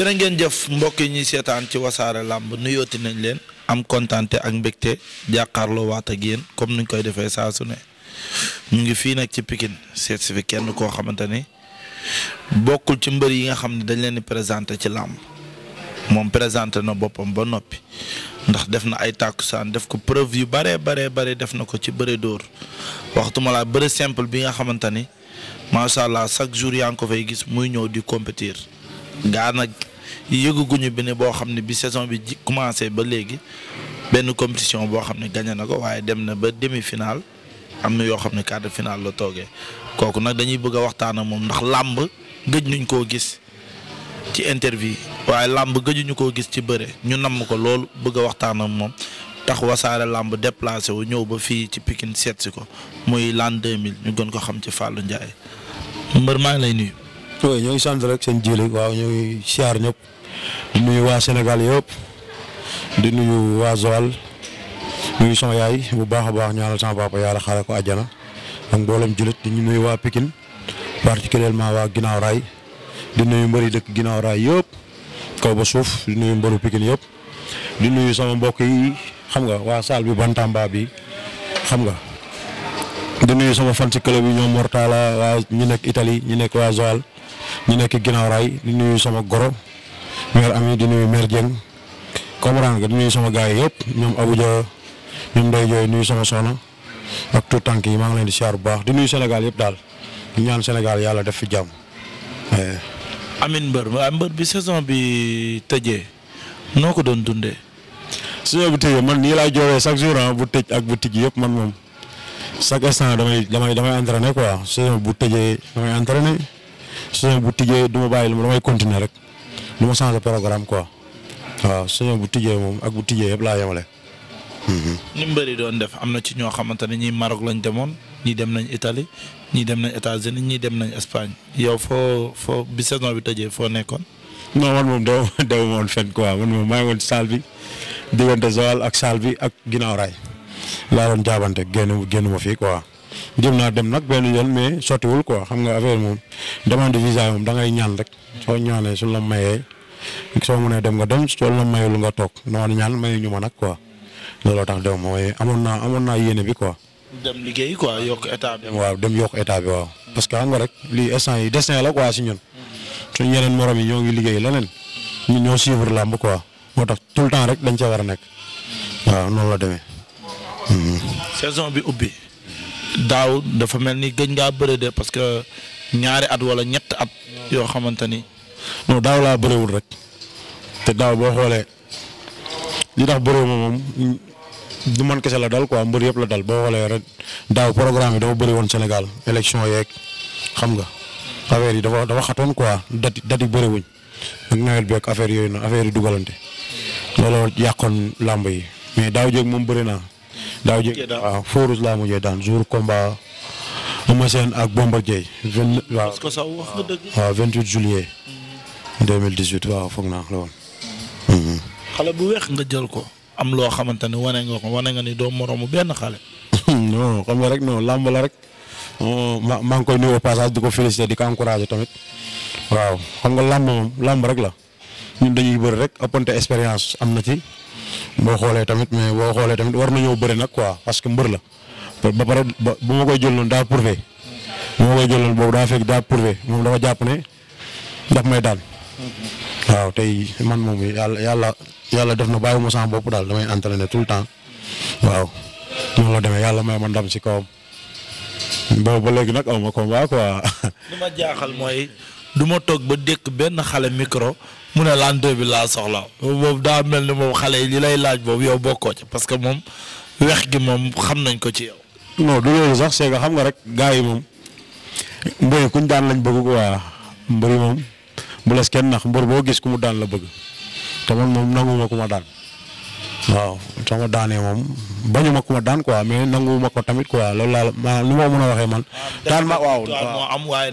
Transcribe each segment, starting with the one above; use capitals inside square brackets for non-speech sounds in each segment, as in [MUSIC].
jërë ngeen jëf mbokk yi ñuy seetaan ci wasaare làmb nuyooti nañ leen am kontante ak mbégte jàkkaarloo waat ak yéen comme nuñ koy defee saasu su ne ñu ngi fii nag ci Pikine seet si fi kenn koo xamante ni bokkul ci mbër yi nga xam ne dañ leen di présenté ci làmb moom présenté na boppam ba noppi ndax def na ay tàkkusaan def ko preuve yu bare bare bare def na ko ci bëre door waxtuma laa bëre simple bi nga xamante ni macha allah chaque jour yaa ngi ko fay gis muy ñëw di compétir gaa yëguguñu bi ne boo xam ne bi saison bi ji commencé ba léegi benn compétition boo xam ne gagné na ko waaye dem na ba demi final am na yoo xam ne quart final la toogee kooku nag dañuy bëgg waxtaan ak moom ndax làmb gëj nuñ koo gis ci interview waaye làmb gëjuñu koo gis ci bëre ñu namm ko loolu bëgg waxtaan ak moom tax wasaare làmb déplacé wu ñëw ba fii ci Pikine seet si ko muy l'an mille ñu gën ko xam ci Fallou Ndiaye mbër maa ngi lay nuyu. oui ñoo ngi sant rek seen jiili waaw ñoo ngi siyaar ñëpp di nuyu waa Sénégal yëpp di nuyu waa Joal ngi sama yaay bu baax a baax ñaanal sama yàlla xaare ko àjjana ak mboolem jullit di nuyu waa Pikine particulièrement di nuyu mbëri dëkk ginnaaw yëpp kaw ba nuyu mbëru Pikine yëpp di nuyu sama mbokk yi xam nga waa bi Bantamba bi xam nga di nuyu sama fan ci club ñu nekk Italie ñu nekk waa Joal ñu nekk ginnaaw raay di nuyu sama goro mère ami di nuyu mère Dieng comprendre nga di nuyu sama gars yi yëpp ñoom Abuja ñoom Ndeye Diop nuyu sama soxna ak tout tànk yi maa ngi leen di siyaar bu baax di nuyu Sénégal yëpp daal di ñaan Sénégal yàlla def fi jàmm. Eh. amin mbër mbër bi saison bi tëjee noo ko doon dundee. saison bu tëjee man nii laay joowee chaque jour ah, bu tëj ak bu tijj yëpp man moom chaque instant damay damay damay entraîné bu tëjee damay entraîné. saison bu tijjee du ma bàyyi lu ma damay continuer rek lu ma changer programme quoi waaw saison bu tijjee moom ak bu tijjee yëpp laa yemale. ni mbëri doon def am na ci ñoo xamante ne ñii Maroc lañ demoon ñii dem nañu itali ñii dem nañ États-Unis ñii dem nañ Espagne yow foo foo bi saison bi tëjee foo nekkoon. non man moom dew [LAUGHS] dew ma woon fenn quoi man moom maa ngi woon diggante Zawal ak salle bi ak ginnaaw raay laa doon jaabante génn génn ma fii quoi. naa dem nag benn yoon mais sottiwul quoi xam nga affaire moom demande visa moom da ngay ñaan rek soo ñaanee suñ la mayee soo mënee dem nga dem soo la mayul nga toog noonu ñaan mayu ñu ma nag quoi looloo tax dem mooy amoon naa amoon naa yéene bi quoi. dem liggéey quoi yokk état bi. waaw dem yokk état bi waaw. parce que xam nga rek lii instant yi destin la quoi si ñun. suñ yeneen morom yi ñoo ngi liggéey leneen. ñun ñoo suivre làmb quoi. moo tax tout le temps rek dañ ca war a nekk. waaw noonu la demee. Hmm. bi daaw dafa mel ni gëj ngaa bëre de parce que ñaari at wala ñett at yoo xamante ni. non daaw laa bëriwul rek te daaw boo xoolee li tax bëree moom du man kese la dal quoi mbër yëpp la dal boo xoolee rek daaw programme yi dafa bëri woon Sénégal élection yeeg xam nga affaire yi dafa dafa xatoon quoi dati dati bëri wuñ ak nawet affaire yooyu na affaire yi dugalante looloo yàqoon làmb yi mais daaw jéeg moom bëri naa. daaw jéeg waaw Foruz laa mujjee daan jour combat ma seen ak Bombardier vingt waaw parce que vingt huit juillet deux mille dix huit waaw foog naa la woon mhm. xale bu weex nga jël ko am loo xamante ne wane nga wane nga ni doo moroomu benn xale [LAUGHS] non xam nga rek non làmb la rek oh, ma maa ngi koy nuyu au passage di ko féliciter di ko encourager tamit waaw xam nga làmb moom làmb rek la ñun dañuy bëri rek ëppante expérience am na ci boo xoolee tamit mais boo xoolee tamit war nañoo bëri nag quoi parce que mbër la ba pare bu ma koy jël noonu daa prouvé bu ma koy jël noonu boobu daa fekk daa prouvé moom dafa jàpp ne daf may daan waaw tey man moom yàlla yàlla yàlla def na mu sama bopp daal damay entraîné tout le temps waaw noonu la demee yàlla may ma ndam si kawam boobu ba léegi nag aw ko combat quoi. [LAUGHS] li ma jaaxal mooy du ma toog ba dékk benn xale micro. mu ne l'an bi laa soxla boobu daa mel ni moom xale yi li lay laaj boobu yow bokkoo ci parce que moom weex gi moom xam nañ ko ci yow. non du loolu sax c'est nga xam nga rek gars yi moom mbéy kuñ daan lañ bëgg waa mbër yi moom bu les kenn nax mbër boo gis ku mu daan la bëgg te man moom nangu ma ku ma daan. waaw sama daanee moom bañu ma ku ma daan quoi mais nangu ma ko tamit quoi loolu laa ma lu ma mën a waxee man. daan ma waaw moo am waaye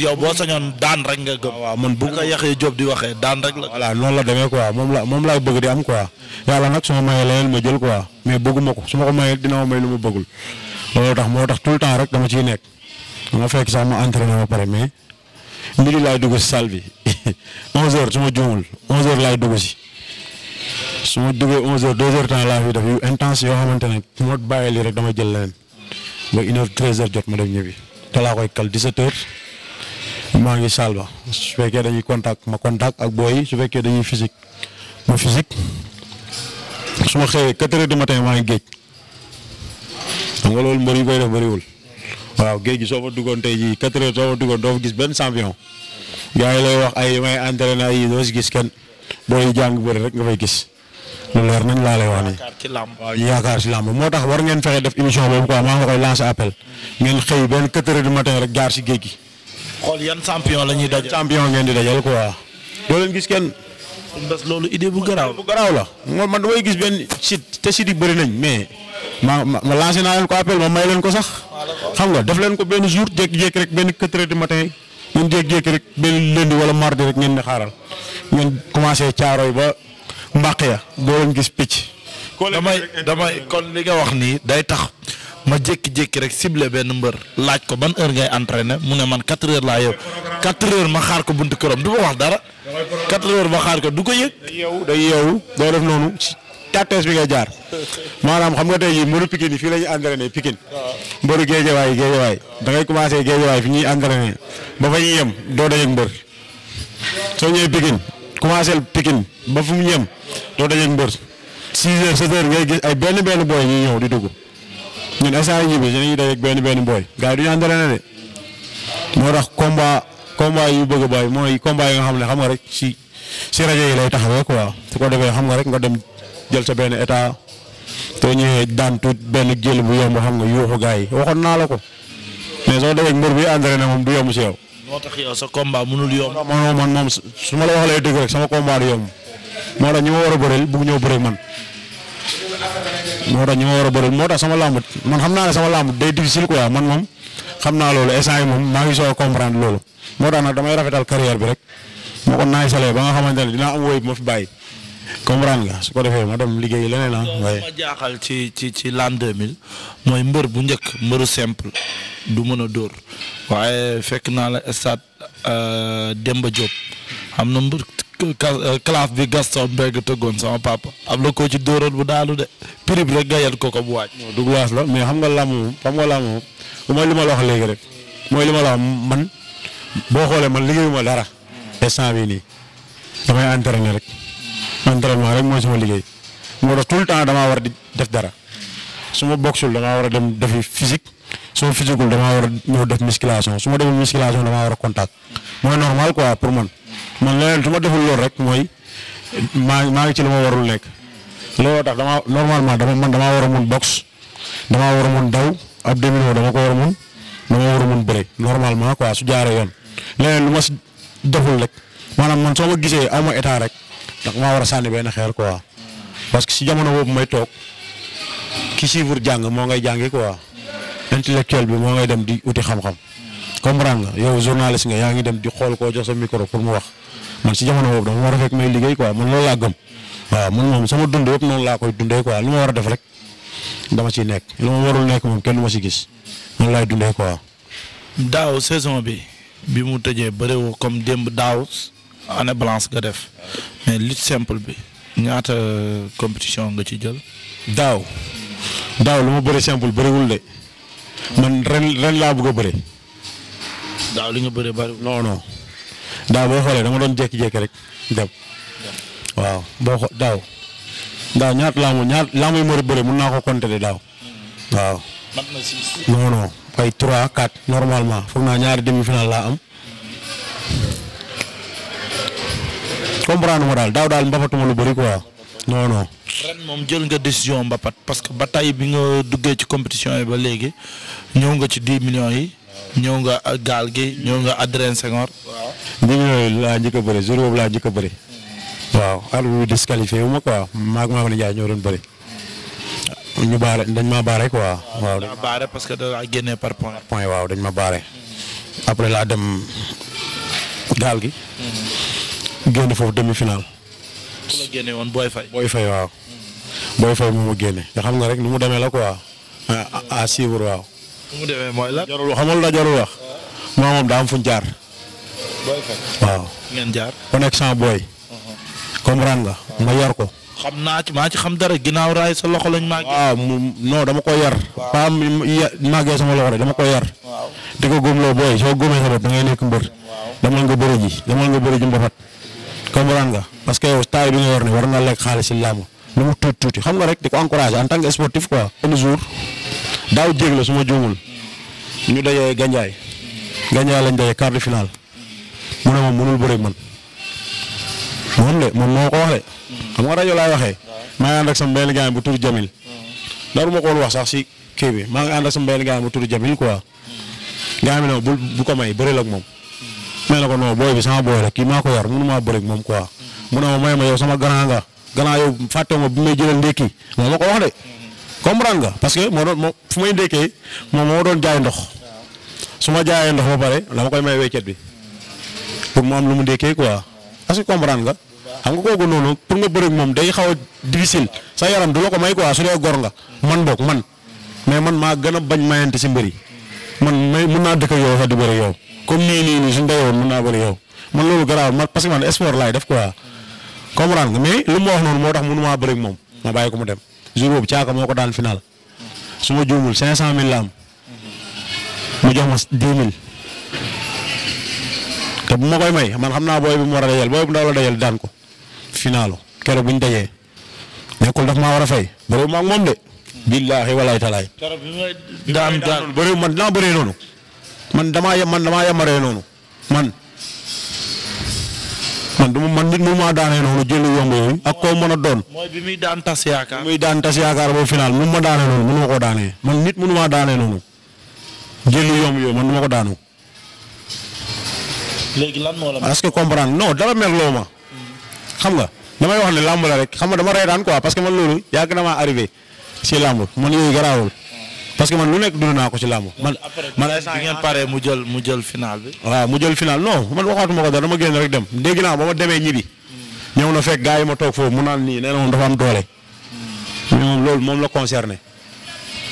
yow boo sañoon daan rek nga waaw man bëgg ko Yaxya Diop di waxee daan rek la. voilà la demee quoi moom la moom laay bëgg di am quoi yàlla nag su ma mayee leneen ma jël quoi mais bëggu ko su ma ko mayee dina ma may lu ma bëggul loolu tax moo tax tout le temps rek dama ciy nekk nga fekk sax ma entraîné ba pare mais midi laay dugg si salle bi 11h [LAUGHS] su ma juumul 11h laay dugg si. su ma jógee onze heures deux heures temps laa fi def yu intense yoo xamante ne su ma bàyyee lii rek dama jël leneen ma une heure treize heures jot ma dem ñibbi te laa koy kal dix-sept heures maa ngi salba su fekkee dañuy contact ma contact ak booy su fekkee dañuy physique ma physique su ma xëyee quatre heures du matin maa ngi géej xam nga loolu mbër yi koy def bariwul waaw géej gi soo fa duggoon tey jii quatre heures soo fa duggoon doo fa gis benn champion gars yi wax ay may entraîné ay doo si gis kenn booy jàng bëri rek nga fay gis. lu leer nañ laa lay wax nii. yaakaar ci làmb moo tax war ngeen fexe def émission boobu quoi maa ngi koy lancer appel. ngeen xëy benn 4 heures rek jaar si géej gi. xool yan champion la ñuy dajal champion ngeen di dajal quoi. doo leen gis kenn. bu garaaw la man man damay gis te site yi bëri nañ mais ma ma lancé naa leen ko appel ma may leen ko sax xam nga def leen ko benn jour jékki-jékki rek benn quatre heures du matin ngeen jékki-jékki rek benn lundi wala mardi rek ngeen di xaaral ngeen commencé caaro yi ba. mbàq ya doo leen gis picc. damay damay kon li nga wax nii day tax ma jékki-jékki rek sible benn mbër laaj ko ban heure ngay entraîné mu ne man quatre heures laa yow quatre heures ma xaar ko buntu këram du ma wax dara quatre heures ma xaar ko du ko yëg. day yeewu day yeewu day def noonu ci tàttees bi ngay jaar maanaam xam nga tey jii mbëru Pikine yi fii la ñuy entraîné Pikine mbëru géejewaay géejewaay da ngay commencé géejewaay fi ñuy entraîné ba fa ñuy yem doo dajeeg mbër soo ñëwee Pikine commencé Pikine ba fu mu ñëm doo dajeeg mbër 6 heures 7 heures ngay gis ay benn benn booy ñu ñëw di dugg ñu ñun instant yii bii dañuy dajeeg benn benn booy gars yi du ñu de moo tax combat combat yu bëgg a bàyyi mooy combat yi nga xam ne xam nga rek si si rajo yi lay taxawee quoi su ko defee xam nga rek nga dem jël sa benn état soo ñëwee daan tuut benn jël bu yomb xam nga yuuxu gars yi waxoon naa la ko mais soo dajeeg mbër bi entraîné moom du yomb si yow. moo tax yow sa combat mënul yomb. man moom su ma la wax lay dëgg rek sama combat du yomb moo tax ñi ma war a bëreel bëgg ñëw bëreeg man moo tax ñi ma war a bëreel moo tax sama làmb man xam naa ne sama làmb day difficile quoi man moom xam naa loolu instant moom maa ngi soog a comprendre loolu moo tax nag damay rafetal carrière bi rek moo ko naay salee ba nga xamante dinaa am woy bu ma fi bàyyi. comprendre nga su ko defee ma dem liggéey leneen ah. waaye ma jaaxal ci ci ci l'an 2000 mooy mbër bu njëkk mbëru simple du mën a dóor waaye fekk naa la stade euh, Demba Diop am na mbër classe bi gasto Mbengue tëggoon sama papa am na koo ci dóoroon bu daalu de prix bi rek nga ko ko bu waaj. dugg waas la mais xam nga lam moom xam nga làmb moom mooy li ma la wax léegi rek mooy li ma la wax man boo xoolee man liggéeyuma dara. instant bii nii damay entraîné rek. entraînement rek mooy sama liggéey moo tax tout le temps damaa war di def dara su ma boxul damaa war a dem defi physique ma def musculation su ma deful musculation damaa war contact mooy normal quoi pour man man leneen ma maa maa ci lu ma warul nekk looloo tax damaa normalement dama man damaa war a mun box a mun daw ab domino dama ko a mun dama war a mun bëre normalement quoi su jaaree yoon leneen lu ma si deful rek maanaam man soo ma gisee aw ma état rek. ndax maa war a sànni benn xeer quoi. parce que si jamono boobu may toog ki suivre jàng moo ngay jàngi quoi. intellectuel bi moo ngay dem di uti xam-xam. comprendre nga yow journaliste nga yaa ngi dem di xool koo jox sa micro pour mu wax man si jamono boobu dama war a fekk may liggéey quoi man loolu laa gëm. waaw man moom sama dund yëpp noonu laa koy dundee quoi lu ma war a def rek dama si nekk lu ma warul nekk moom kenn du ma si gis noonu laay dundee quoi. daaw saison bi bi mu tëjee bëriwul comme démb daaw année blanche nga def mais lutte simple bi ñaata euh, compétition nga ci jël. daaw daaw lu ma bëri simple bëriwul de man ren laa bëgg a bëri. daaw li nga bëri bëri. non daaw boo xoolee dama doon jékki-jékki rek dem. waaw boo xoo daaw. daaw ñaata laa moom ñaata laa mooy mën bëri mun naa ko compter de daaw. waaw. mat na six. non non ay trois quatre normalement foog naa ñaari demi-finale laa am. comprendre ma daal daaw daal mbapatuma lu bëri quoi non ren moom jël nga décision mbapat parce que ba tey bi nga duggee ci compétition yi ba léegi ñëw nga ci 10 millions yi. ñëw nga gaal gi ñëw nga Adrien Senghor. waaw dix millions laa njëkk a bëri jour laa njëkk a bëri. waaw arbitre bi disqualifié wu ma quoi maa ngi maa ngi jaay ñoo doon dañ ma baare quoi. waaw dañ ma baare parce que da génnee par point. point waaw dañ ma baare. après laa dem gaal génn foofu demi final. ku la génne woon Boy Faye. Boy Faye waaw. Boy Faye moo ma génne nga xam nga rek nu mu demee la quoi. ah waaw. mu demee mooy la. jarul la jarul wax. maa moom daa am fu ñu jaar. Boy Faye waaw. ngeen jaar. connexion booy. Uh-huh. comprendre nga ma uh-huh. yar ko. xam naa ci maa ci xam dara ginnaaw raay sa loxo lañ màggee. waaw mu non dama ko yar. waaw pas màggee sama loxo rek dama ko yar. di ko góomloo booy soo góomee sa bopp nekk mbër. waaw demal nga bëri ji demal nga bëri ji comprendre nga parce que yow bi nga yor ni war na lekk xaalis si làmb lu mu tuuti tuuti xam nga rek di ko encouragé en tant que sportif quoi. benn jour daaw jéeg la su ma juumul ñu dajee lañ dajee quart de mu ne moom mënul bëre man moom de moom moo ko wax de xam nga rajo laa waxee. maa ngi ànd ak sama benn gars bu tudd Jamil. daru ma ko woon wax sax si kii bi maa ngi ànd ak sama benn gars bu tudd Jamil quoi. gars bi nag ma bu ko may bëri la moom. may na ko non booy bi rek kii maa ko yar mënu maa bëri ak moom quoi mu ne ma may ma yow sama grand nga grand yow fàtte ma bi may jëlal ndékki moo ma ko wax de comprendre nga parce que moo doon moo fu may ndékkee moom moo doon jaay ndox su ma jaayee ndox ba pare dama koy may weccet bi pour mu am lu mu ndékkee quoi est-ce que comprendre nga xam nga kooku noonu pour nga bëri moom day xaw a difficile sa yaram du la ko may quoi su dee gor nga man boog man mais man maa gën a bañ mayante si mbir yi man may naa dëkk yow sax di bëri yow comme nii nii nii suñu dayoon mën naa bëri yow man loolu garaaw man parce man sport laay def quoi comprendre nga mais lu mu wax noonu moo tax mënu maa bëri moom ma bàyyi ko mu dem jour boobu caaka moo ko daan final su ma juumul cinq cent mille mu jox ma dix mille te bu ma man xam naa booy mu war a dajal booy bu ndaw la dajal daan ko finalu keroog bu ñu dajee nekkul daf maa war a fay bëri ma moom de. billaahi walaay talaay. daan daan bëri man naa bëree noonu. man damaa yem man damaa yemaree noonu man. man nit mu daanee noonu jël yomb yooyu ak koo mën a doon. mooy daan tas yaakaar. daan tas yaakaar ba final mu ma daanee noonu mënu yomb yooyu man du ko daanu. léegi moo la. est que comprendre non dara mel loo hmm. xam nga damay wax ne làmb la rek xam nga dama reetaan quoi parce que man loolu yàgg na maa arrivé. ci làmb man yooyu garaawul. parce que man lu nekk dund naa ko ci làmb. man man instant ngeen pare mu jël mu jël final bi. waaw mu jël final non man waxaatuma ko dara dama génn rek dem dégg naa ba ma demee ñibi. ñëw na fekk gars yi ma toog foofu mu naan nii nee na moom dafa am doole. Hmm. mais moom loolu moom la concerné.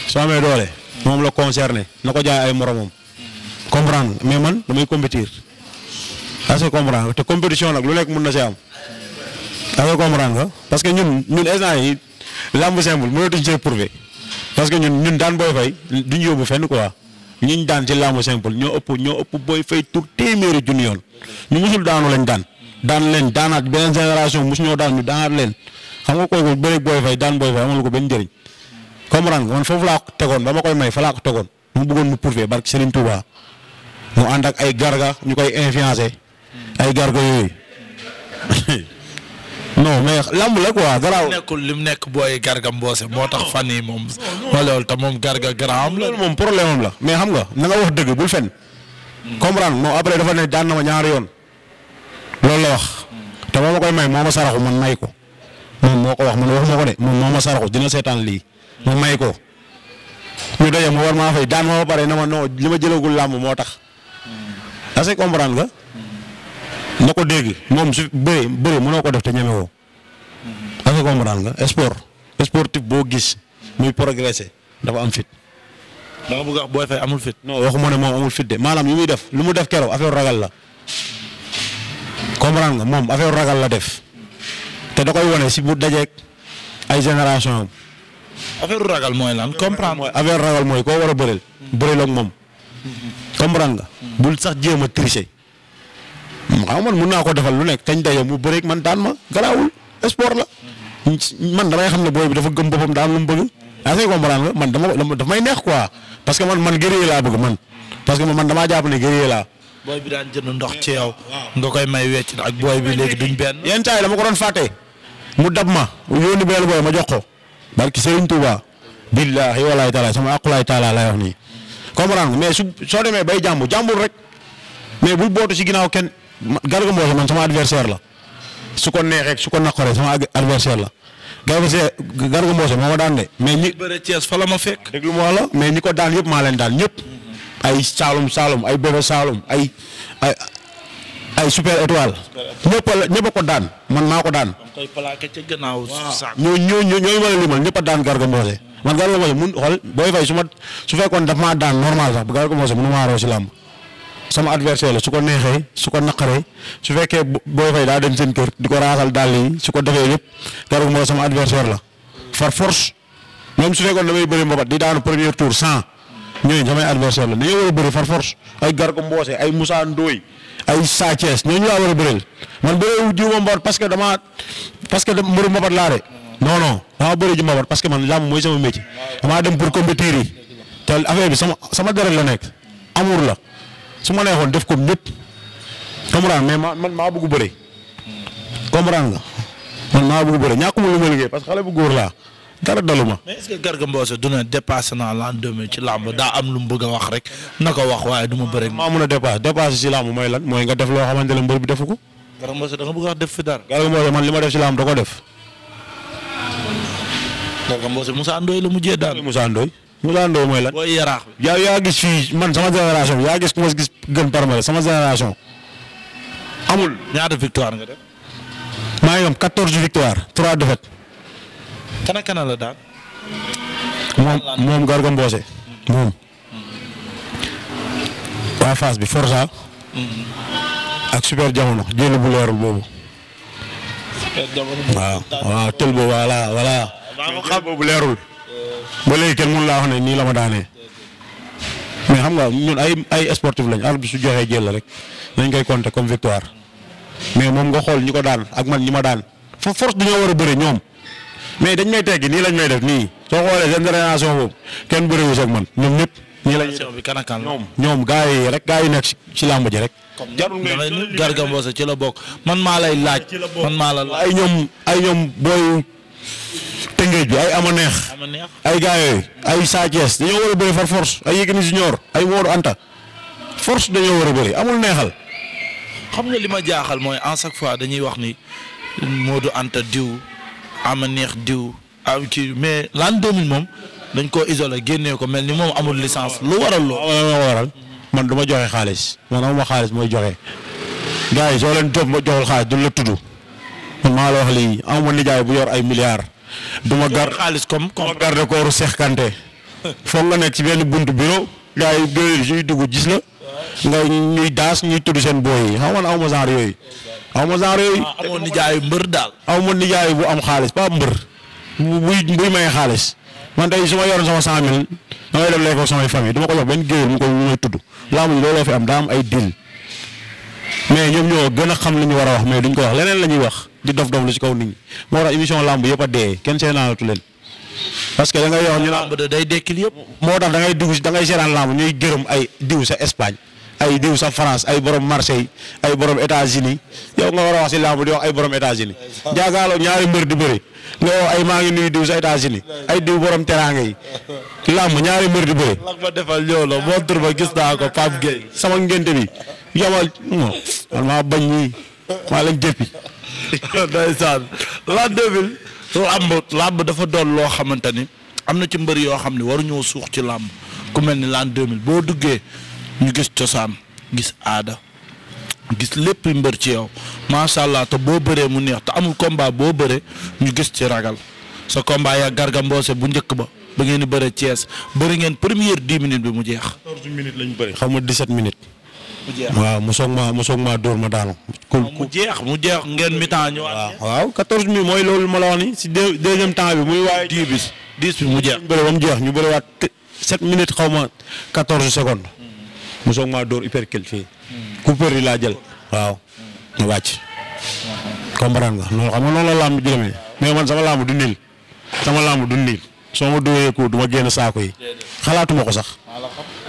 soo amee doole. moom la concerné na ko jaay ay moromam. comprendre mais man damay compétir. parce que comprendre te compétition nag lu nekk mun na see am. parce que comprendre nga parce que ñun ñun instant yi lamb simple mënatuñ see prouvé parce que ñun ñun daan booy fay duñ yóbbu fenn ñu ñu daan ci lamb simple ñoo ëpp ñoo ëpp booy fay tur téeméeri junni yoon ñu musul daanu lañ daan daan leen daanaat beneen génération musu ñoo daan ñu daanaat leen xam nga kooku bëri booy fay daan booy fay amalu ko ba njëriñ comprendre nga man foofu laa ko tegoon ba ma koy may fa laa ko tegoon mu bëggoon mu prouvé barke Serigne Touba mu ànd ak ay garga ñu koy influencé ay garga [LAUGHS] non mais lamb la quoi garaaw. nekkul lim nekk booy garga mboose moo tax fan yi moom. moo loolu te moom garga la. loolu moom na nga wax dëgg bul fen comprendre moom après dafa ne daan na ma ñaari yoon. loolu la wax. te ma koy may moo ma saraxu man may ko. moom moo ko wax man waxuma ko de moom moo ma saraxu dina seetaan lii. ma may ko. ñu doye ma war maa fay daan ma ba pare na li ma jëlagul làmb moo tax. assez comprendre nga. na ko dégg moom su bëree bëree ko def te ñemewoo. da nga comprendre nga sport sportif boo gis muy progressé dafa am fit. da bëgg wax Boy Faye amul fit. non waxuma ne moom amul fit maanaam yu muy def lu mu def keroog affaire ragal la. affaire ragal la def. te da koy wane si mu dajeeg ay génération am. affaire ragal mooy lan comprendre mooy affaire ragal war a bëreel. bëreel ak moom. nga. bul sax jéem a tricher. waaw man mun naa ko defal lu nekk kañ dayo mu bëreeg man daan ma garaawul sport la man damay xam ne booy bi dafa gëm boppam daan lu mu bëgg. yaa ngi comprendre nga man dama daf may neex quoi parce que man man guerrier laa bëgg man parce que man damaa jàpp ne guerrier laa. booy bi daan jënd ndox ci yow. nga koy may wecc ak booy bi léegi duñ benn. yenn taay dama ko doon fàtte mu dab ma yónni benn booy ma jox ko. barki Serigne Touba. billaahi walaay taala sama akulaay taala lay wax nii. comprendre nga mais su soo demee bay jàmbu jàmbul rek mais bul bootu Garga Mbossé man sama adversaire la su ko neexee su ko naqaree sama adversaire la Garga Mbossé moo ma daan de mais ñi bëre Thiès fa la ma fekk déglu ma la mais ñi ko daan yëpp maa leen daan ñëpp ay Saalum Saalum ay Bébé Saalum ay ay ay super étoile ñëpp a ñëpp a ko daan man maa ko daan ñoo ñoo ñooñu ma la limal ñëpp a daan Garga Mbossé man Garga Mbossé mun xool booy fay su ma su fekkoon daf maa daan normal sax Garga Mbossé mënu maa raw si làmb sama adversaire la su ko neexee su ko naqaree su fekkee booy fay daa dem seen kër di ko raasal daal yi su ko defee yëpp Garga Mbossé sama adversaire la far force même su fekkoon damay bëri mbabat di daanu premier tour sans ñooñu samay adversaire la dañoo war a bëri far force ay Garga Mbossé ay Moussa Ndoye ay Sa Thiès ñooñu laa war a bëreel man bëree jiwuma mbabat parce que dama parce que mbëru mbabat laa de non bëri ji mbabat parce que man làmb mooy sama métier damaa dem pour compétir yi te affaire bi sama sama deret la nekk amour la. su ma neexoon def comme ñëpp comprendre mais man man maa bëgg bëre comprendre nga man maa bëgg bëre ñàkkuma lu ma liggéey parce que xale bu góor laa dara daluma. mais est-ce que naa l'an 2000 ci làmb daa am lu mu bëgg wax rek na ko wax waaye duma ma bëri. maa mun a dépassé dépassé ci làmb mooy lan mooy nga def loo xamante ne mbër bi defu ko. Garga Mbossé bëgg a wax def fi dara. Garga Mbossé man li ma def ci làmb da ko def. Garga Mbossé Moussa Ndoye la mujjee daan. Moussa Ndoye ñu daan doo mooy lan. yaa gis fii man sama génération yaa gis ku gis gën parmale sama génération amul. ñaata victoire nga def. maa ngi am victoire 3 défaites. kana la daan. moom moom Garga moom. waa Fass bi Forza. Mm-hmm. ak super jamono jël bu leerul boobu. waaw waaw tël boobu voilà voilà. boobu leerul. ba léegi kenn mënu laa wax ne nii la ma daanee mais xam nga ñun ay ay sportif lañ arbitre bi su joxee jël la rek dañ koy compter comme victoire mais moom nga xool ñi ko daan ak man ñi ma daan fa force dañoo war a bëre ñoom mais dañ may teggi nii lañ may def nii soo xoolee seen génération boobu kenn bëriwul sax man ñoom ñëpp. ñii lañ ñoom ñoom gaa yi rek gaa yi nekk ci làmb ji rek. jarul ngay Garga Mbossé ci la bokk man maa lay laaj. man maa la laaj ay ñoom ay tëngeej bi ay ama neex ay gars ay Sa Thiès dañoo war a bëri far force ay Yékini Junior ay Modou Anta force dañoo war a amul neexal. xam nga li ma jaaxal mooy en chaque fois dañuy wax ni Modou Anta diw ama neex diw ci mais l'an 2000 moom dañ koo isolé génnee ko mel ni moom amul licence lu waral lu man du ma joxe xaalis man amuma xaalis mooy joxe gars yi la leen jox ma joxul xaalis duñ la tudd man maa la wax lii amuma nijaay bu yor ay milliards. du ma gar xaalis comme du ma garde kooru Cheikh Kanté foog nga nekk ci benn buntu bureau gars yi gëleel suy dugg gis la nga ñuy daas ñuy tudd seen booy yi xam nga ma genre yooyu aw ma genre yooyu ah, amoo nijaayu mbër daal aw ma nijaayu bu am xaalis ba mbër buy buy xaalis ma yoroon sama cent mille damay dem lekk samay famille du ma ko tudd laamuñ looloo fi am daa am ay dil mais ñoom ñoo gën a xam li ñu war a wax mais duñ ko wax leneen la ñuy wax di dof dof lu ci kaw nit ñi moo tax émission làmb yëpp a dee kenn leen parce que da ngay wax ñu làmb da day dekkil yëpp moo tax da ngay da ngay seetaan làmb ñuy gërëm ay diw sa Espagne ay diw sa France ay borom Marseille ay borom États-Unis yow nga war a wax si làmb di wax ay borom États-Unis jaagaaloo ñaari mbër di bëri nga wax ay maa ngi nuyu diw sa États-Unis ay diw borom teraanga yi làmb ñaari mbër di bëri. lak ma defal ñoo moo tur gis naa ko Pape Gueye sama ngénte bi yow man maa bañ ñii maa leen jëppi. [LAUGHS] ndeysaan l'an 2000 làmb làmb dafa doon loo xamante ni am na ci mbër yoo xam ne waruñoo suux ci làmb ku mel ni l'an 2000 boo duggee ñu gis cosaan gis aada gis lépp mbër ci yow macha allah te boo bëree mu neex te amul combat boo bëree ñu gis ci ragal sa combat yaa Garga bu njëkk ba ba ngeen di bëre Thiès bëri ngeen première dix minutes bi mu jeex. 14 minutes lañ bëri xaw ma 17 minutes. waaw mu soog ma mu soog ma dóor ma daanu. mu jeex mu jeex ngeen mi temps ñëwaat. waaw 14 mi mooy loolu ma la wax ni si deuxième temps bi muy waaye. 10 bis 10 bi mu jeex. ñu bëre ba mu jeex ñu bëriwaat 7 minutes xaw ma 14 secondes. Mm. mu soog maa dóor hypercule fii. coupeur mm. yi laa jël. waaw mu wàcc. comprendre nga noonu xam nga noonu la làmb di demee mais man sama làmb du niil sama làmb du niil soo ma dóoree ko du ma génn saako yi xalaatuma ko sax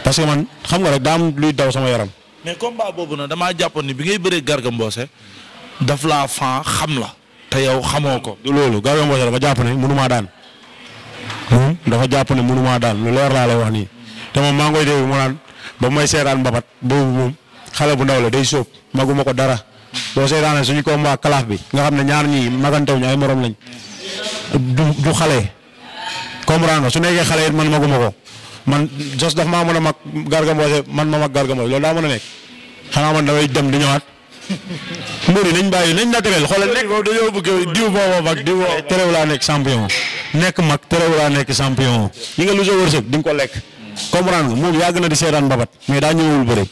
parce que man xam nga rek daa am luy daw sama yaram. mais combat boobu na damaa jàppoon ni bi ngay bëree Garga Mbossé daf laa fan xam la. te yow xamoo ko. du loolu Garga Mbossé dafa jàpp ne mënumaa daan hmm? dafa jàpp ne mënumaa daan lu leer laa lay wax nii te moom maa ngi koy dégg mu naan ba may seetaan mbapat boobu moom xale bu ndaw la day sóob maguma ko dara boo seetaanee suñu combat kalaaf bi nga xam ne ñaar ñii magantewuñu ay morom lañ du du xale comprendre su nekkee xale it man maguma ko. man jos daf maa mën a mag Garga Mbossé man ma mag Garga Mbossé loolu daa mën a nekk xanaa man damay dem di ñëwaat mbir nañ bàyyi nañ naturel xoolal nekk boobu dañoo bëgg diw boobu mag diw boobu laa nekk champion nekk mag terew laa nekk champion yi nga lu sa wërsëg di ko lekk comprendre nga moom yàgg na di seetaan mbabat mais daa ñëwul bëre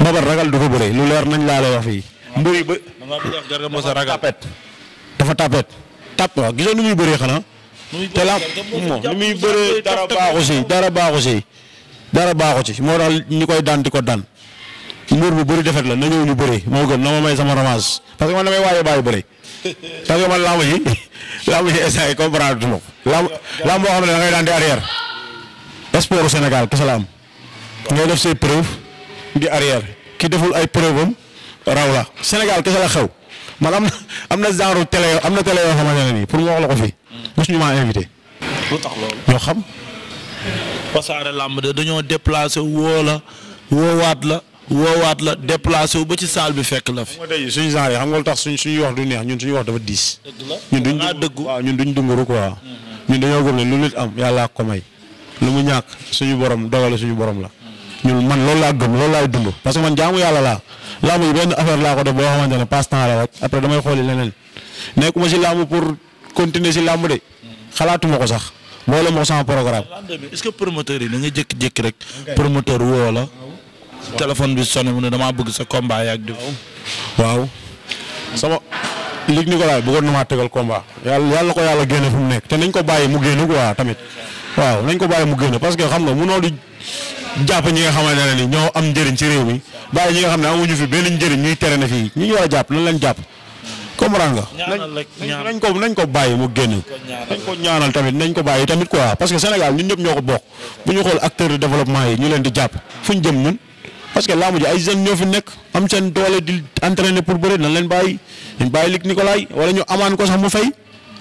mbabat ragal du ko bëre lu leer nañ laa la wax fii mbir yi ba dafa tapet dafa tapet tap waaw gisoon nu muy bëree xanaa te la li muy bëree dara baaxu si dara baaxu si dara baaxu si moo tax ñi koy daan di ko daan mbër bu bëri defet la na ñëw ñu bëri moo gën na ma may sama ramage parce que man damay waaye bàyyi bëri [LAUGHS] parce que man lamb ji lamb ji instant yi comprendre du ma ko lamb lamb boo xam ne da ngay daan di arrière sport Sénégal kese la am ngay def say preuve di arrière ki deful ay preuve am raw la Sénégal kese la xew man am na am genre télé am na télé yoo xamante ne nii pour mu la ko fii mosuñu maa invité. lu ñoo xam. wasaare làmb de dañoo déplacé woo la woowaat la woowaat la déplacé wu ba ci saal bi fekk la fi. xam nga tey suñu genre yi xam nga lu tax suñ suñuy wax du neex ñun suñu wax dafa diis. ñun duñ dëggu waaw ñun duñ dunguru quoi. ñun dañoo gëm ne lu nit am yàlla ko may. lu mu ñàkk suñu borom dogale suñu borom la. ñun man loolu laa gëm loolu laay dund parce que man jaamu yàlla laa laamu benn affaire laa ko def boo xamante ne passe temps la rek après damay xooli leneen nekkuma si laamu pour. continuer si làmb de xalaatuma ko sax la moo sama programme. est-ce promoteur yi da nga jékki-jékki rek. promoteur woo la. téléphone bi sone mu ne damaa bëgg sa combat yaag di. waaw sama. Luc Nicolaï bëggoon na maa tegal combat. yàlla yàlla ko yàlla génn fu mu nekk te nañ ko bàyyi mu génn quoi tamit waaw nañ ko bàyyi mu génne parce que xam nga munoo di jàpp ñi nga xamante ne ni ñoo am njëriñ ci réew mi bàyyi ñi nga xam ne amuñu fi benn njëriñ ñuy tere na fii ñi ñu war a jàpp lan lañ jàpp. comprendre nga. nañ ko nañ ko bàyyi mu génn. nañ ko ñaanal tamit nañ ko bàyyi tamit quoi parce que Sénégal ñun ñëpp ñoo ko bokk. bu ñu xool acteur de développement yi ñu leen di jàpp fu ñu jëm ñun. parce que laamu ji ay jeunes ñoo fi nekk am seen doole di entraîner pour bëre nañ leen bàyyi nañ bàyyi Luc Nicolaï wala ñu amaan ko sax mu fay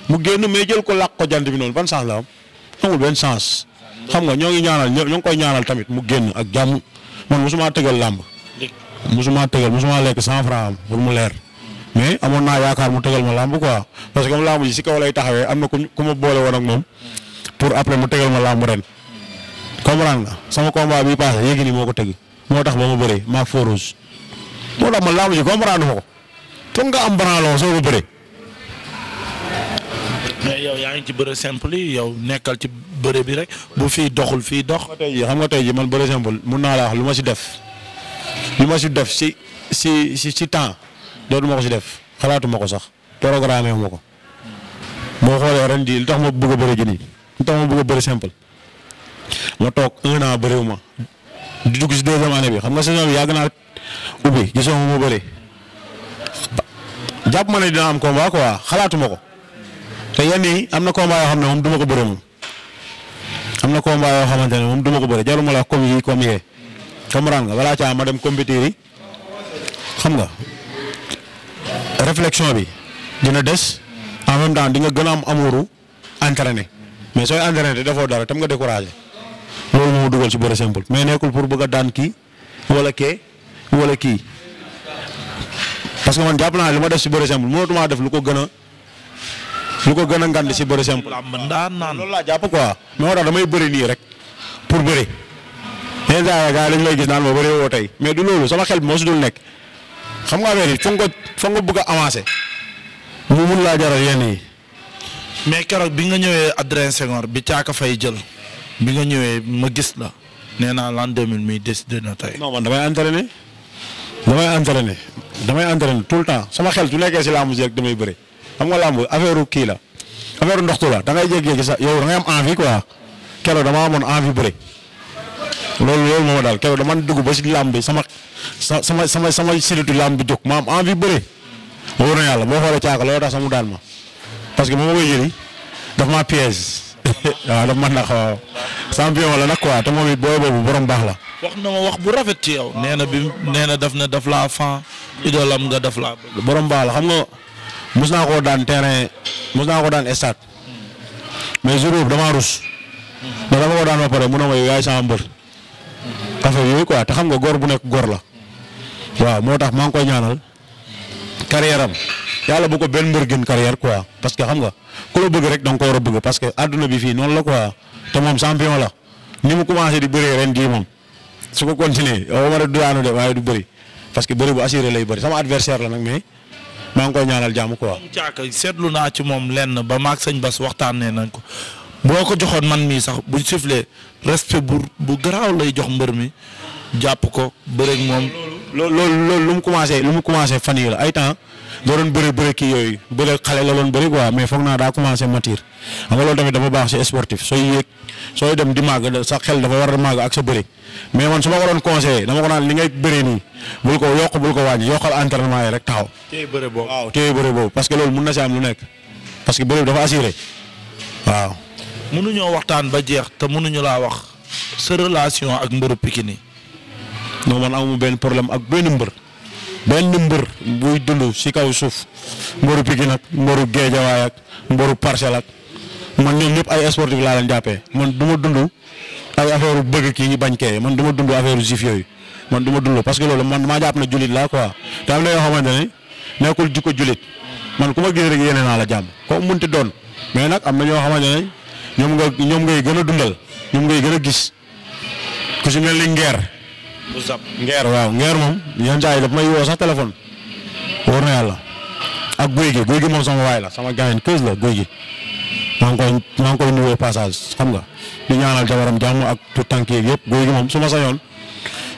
mu génn mais jël ko làq ko jant bi noonu ban sens la am amul benn sens. xam nga ñoo ngi ñaanal ñoo ngi koy ñaanal tamit mu génn ak jàmm man mosuma tëgal làmb. mosuma mais amoon naa yaakaar mu tegal ma làmb quoi parce que comme làmb ji si kaw lay taxawee am na ku ma boole woon ak moom pour après mu tegal ma làmb ren. comprendre nga sama combat bi passé yéegi ni moo ko teg moo tax ba ma bëree maa foros moo tax ma làmb ji comprendre ma ko foog nga am branloo soo ko bëree. mais yow yaa ngi ci bëre simple yi yow nekkal ci bëre bi rek bu fii doxul fii dox. xam nga tey jii man bëre mun naa la wax lu ma si def lu ma si def si si si temps. dootuma ko si def xalaatuma ko sax programme ma ko. boo xoolee ren jii li tax ma bëgg a bëri ji nii li tax ma bëgg a bëri simple ma toog un an bëriwuma di dugg si deuxième année bi xam nga saison yàgg naa ubbi gisoo ma ma bëri jàpp ma ne dina am combat quoi xalaatuma ko te yenn yi am na combat yoo xam ne moom du ma ko bëri moom. am na combat yoo xamante ne moom du ko bëri jaruma la comme yi comme yee comprendre nga balaa caa ma dem compétir yi xam nga. réflexion bi dina des en même temps di nga gën a am amuuru entraîné mais sooy entraîné te defoo dara tam nga découragé loolu moo dugal si bëre simple mais nekkul pour bëgg a daan kii wala ki wala kii parce que man jàpp naa li ma def ci bëre simple mënatuma def lu ko gën a lu ko gën a ngand ci bëre simple. daan naan loolu laa jàpp quoi. mais moo tax damay bëri nii rek pour bëri. yenn saa yi gars yi dañu lay gis naan ma bëri woo tey mais du loolu sama xel bi moo si nekk xam nga affaire fa nga bëgg a avancer mu mun laa jaral yenn yi. mais keroog bi nga ñëwee Adrien Senghor bi caaka fay jël bi nga ñëwee ma gis la nee naa l'an 2000 na tey. non man damay entraîné damay entraîné damay entraîné tout le temps sama xel su nekkee si làmb ji rek damay bëri xam nga làmb affaire kii la affaire ndoxtu la da ngay jéggee sa yow da ngay am envie quoi keroog dama amoon envie bëri. loolu loolu moom ma daal keroog dama dugg ba si làmb bi sama sa sama sama sama siritu làmb bi jóg ma envie bëre. ma na yàlla boo xoolee caaka loolu tax sax mu daal ma parce que bu ma koy jëli daf man nag [LAUGHS] waaw la nag quoi moom it booy baax la. wax na ma wax bu rafet ci yow. nee na bi nee na daf na daf laa fan. idoolam nga daf laa bëgg. borom baax la xam nga mos naa koo daan terrain mos naa koo daan stade mais jour damaa rus. ndax hmm. dama ko daan ba pare mu ne ma yaay sama mbër. affaire yooyu quoi te xam nga góor bu nekk góor la waaw moo tax maa ngi koy ñaanal carrière am yàlla bu ko benn mbër gën carrière quoi parce que xam nga ku la bëgg rek da ko war a bëgg parce que adduna bi fii noonu la quoi te moom champion la ni mu commencé di bëree ren jii moom su ko continuer waaw ma ne du de waaye du bëri parce que bëri bu assuré lay bëri sama adversaire la nag mais maa ngi koy ñaanal jàmm quoi. moom caaka seetlu naa ci moom lenn ba maag sëñ Bas waxtaanee nañ ko boo ko joxoon man mii sax buñ sifflee respect bu bu garaaw lay jox mbër mi jàpp ko bëreeg moom. loolu loolu lu mu commencé lu mu commencé fan yii la ay temps doo doon bëri bëri kii yooyu bëri xale la doon bëri quoi mais foog naa daa commencé mature xam nga loolu tamit dafa baax si sportif sooy yéeg sooy dem di màgg sa xel dafa war a màgg ak sa bëri mais man su ma ko doon conseillé dama ko naan li ngay bëree nii bul ko yokk bul ko wàññi yokkal entraînement yi rek taxaw. téye bëri boobu waaw téye bëri boobu parce que loolu mun na si am nekk parce que bëri bi dafa mënuñoo waxtaan ba jeex te mënuñu laa wax sa relation ak mbëru Pikine yi. non man amu benn problème ak benn mbër. benn mbër buy dund ci kaw suuf mbëru Pikine ak mbëru Géejawaay ak mbëru Parcelles ak man ñoom ñëpp ay sportif laa leen jàppee man du ma dund ay affaire bëgg kii bañ kee man du ma dund affaire juif yooyu man du ma dund parce que loolu man maa jàpp na jullit laa quoi te am na yoo xamante ne nekkul jikko jullit man ku ma gis rek yéene naa la jàmm ko munti doon mais ñoo xamante ne ñoom nga ñoom ngay gën a dundal ñoom ngay gën a gis ku si mel ni ngeer bu sab waaw ngeer moom yan saa yi daf may woo sax téléphone wóor na yàlla ak guy gi guy gi moom sama waay la sama gaayen keus la guy gi xam nga di ñaanal jabaram moom su ma sañoon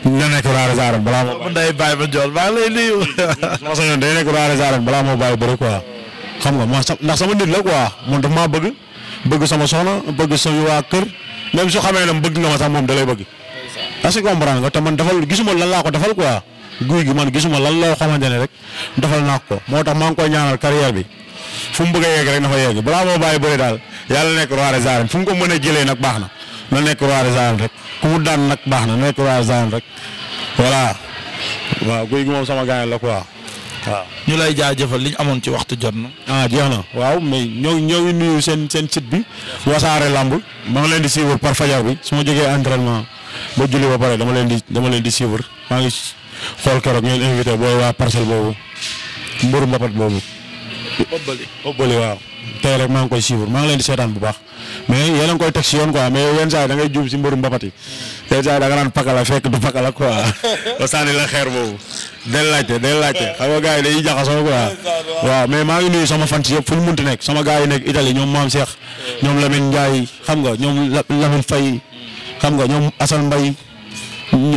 na nekk raare saaram balaa moo [LAUGHS] day bàyyi ba jool xam nga ndax sama nit la quoi moom daf maa bëgg bëgg sama soxna bëgg sama waa kër même su xamee mu bëgg na ma sax moom dalay bëgg. est-ce que comprendre nga te man defal gisuma lan laa ko defal quoi guy gi man gisuma lan loo xamante ne rek dafal naa ko moo tax maa ngi koy ñaanal bi fu mu bëgg a na fa yegg balaa moo bàyyi bëri daal yàlla nekk roi des arènes fu mu ko mën jëlee nag baax na na nekk roi des rek mu daan nag baax na na nekk roi des arènes rek voilà waaw guy gi moom sama gaañ la quoi. waaw ñu lay jaajëfal li ñu amoon ci waxtu jot na. ah jeex na waaw mais ñoo ñoo ngi nuyu seen seen site bi wasaare lamb ma ngi leen di suivre par fajar bi su ma jegee entraînement ba julli ba pare dama leen di dama leen di suivre maa ngi xool keroog ngeen invité booy waa parcelle boobu mburu mbapat boobu. ëbbali ëbbali waaw. tey rek maa ngi koy suivre maa ngi leen di seetaan bu baax koy teg si yoon quoi mais yenn saa yi da ngay si mbërum mbapat yi yenn saa yi da nga naan pakala fekk du pakala quoi [LAUGHS] ba sànni la xeer boobu del laajte del laajte xam nga gars yi dañuy waaw mais maa ngi nuyu sama fan si yëpp fu ñu munti nekk sama gars yi nekk Italie ñoom Maam Cheikh ñoom Lamine Ndiaye xam nga ñoom Lamine Faye xam nga ñoom Assane Mbaye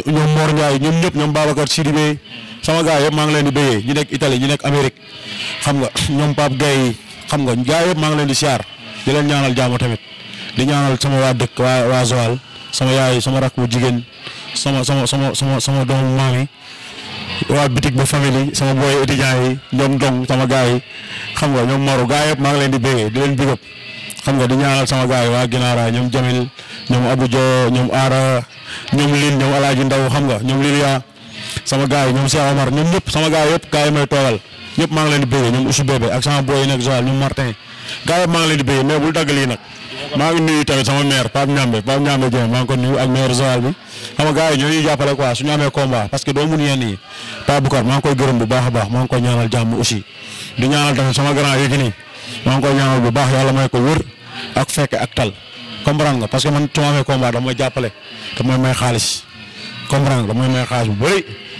ñoom Mor Ndiaye ñoom ñëpp ñoom Babacar Sidibé sama gars yëpp maa ngi leen di béyee ñu nekk Italie ñu nekk Amérique xam nga ñoom Pape Gueye xam nga gaa yëpp maa ngi leen di siyaar di leen ñaanal jaamu tamit di ñaanal sama waa dëkk waa waa Joal sama yaay sama rakk bu jigéen sama sama sama sama sama doomu maam yi waa bitik ba famille sama booy étudiant yi ñoom dong sama gaa yi xam nga ñoom Maodo gaa yëpp maa ngi leen di bégee di leen bigëb xam nga di ñaanal sama gaa yi waa Ginaara ñoom Jamil ñoom Abujo ñoom Aara ñoom Lin ñoom Alaaji Ndaw xam nga ñoom Lilia sama gaa yi ñoom Cheikh ñ ñoom sama gaa yëpp ñëpp maa ngi leen di bëggee ñoom Oussou Bébé ak sama boy yi nekk Joal ñoom Martin gars yëpp maa ngi leen di bëggee yi ñoo koy gërëm a baax maa di ñaanal man su ma amee combat daf may jàppale te mooy may xaalis comprendre nga na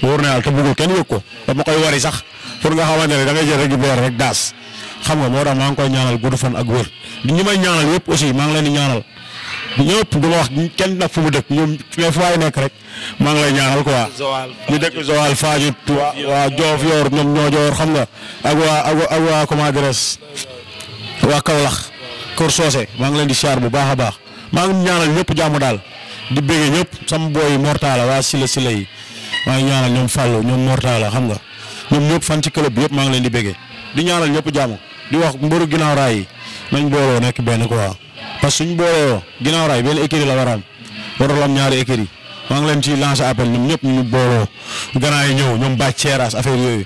yàlla te bëggul kenn yëg ko dama koy wari sax pour nga xamante ne da ngay jël rek di beer rek daas xam nga moo tax maa ngi koy ñaanal gudd fan ak wér ñi may ñaanal yëpp aussi maa ngi leen di ñaanal ñëpp du ma wax kenn nag fu mu dëkk ñoom mais fu rek maa ngi lay ñaanal quoi. ñu dëkk Joal Fadiouth waa waa Joof xam nga ak waa ak waa comment dirais waa Kaolack maa ngi leen di siyaar bu baax a baax maa ngi ñëpp jàmm daal di bége ñëpp sama booy Mortala waa Sila Sila yi maa ngi ñaanal ñoom Fallou ñoom Mortala xam nga. ñoom ñëpp fan ci club bi yëpp maa ngi leen di béggee di ñaanal ñëpp jàmm di wax mbëru ginnaaw raay yi mañ booloo nekk benn quoi parce que suñ booloo ginnaaw raay benn écurie la war a am warul am ñaari maa ngi leen ci lancé appel ñëpp ñu booloo gannaaw yi ñëw ñoom bàcc ceeraas affaire yooyu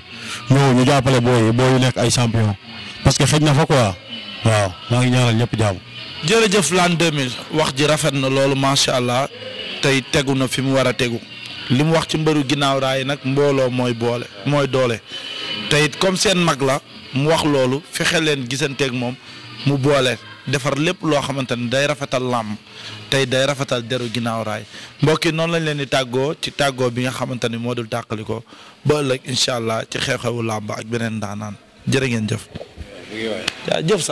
ñëw ñu jàppale booy booy yu nekk ay champion parce que xëj na fa quoi waaw maa ngi ñaanal ñëpp jàmm. jërëjëf l'an 2000 wax ji rafet na loolu macha allah tey tegu na fi mu war a tegu. li mu wax ci mbëru ginnaaw raay nag mbooloo mooy boole mooy doole tey it comme seen mag la mu wax loolu fexe leen gisanteeg moom mu boole defar lépp loo xamante ni day rafetal làmb tey day rafetal deru ginnaaw raay mbokk noonu lañ leen di tàggoo ci tàggoo bi nga xamante ni moo dul tàqali ko ba ëllëg incha allah ci xew-xewu làmb ak beneen daanaan jërë ngeen jëf.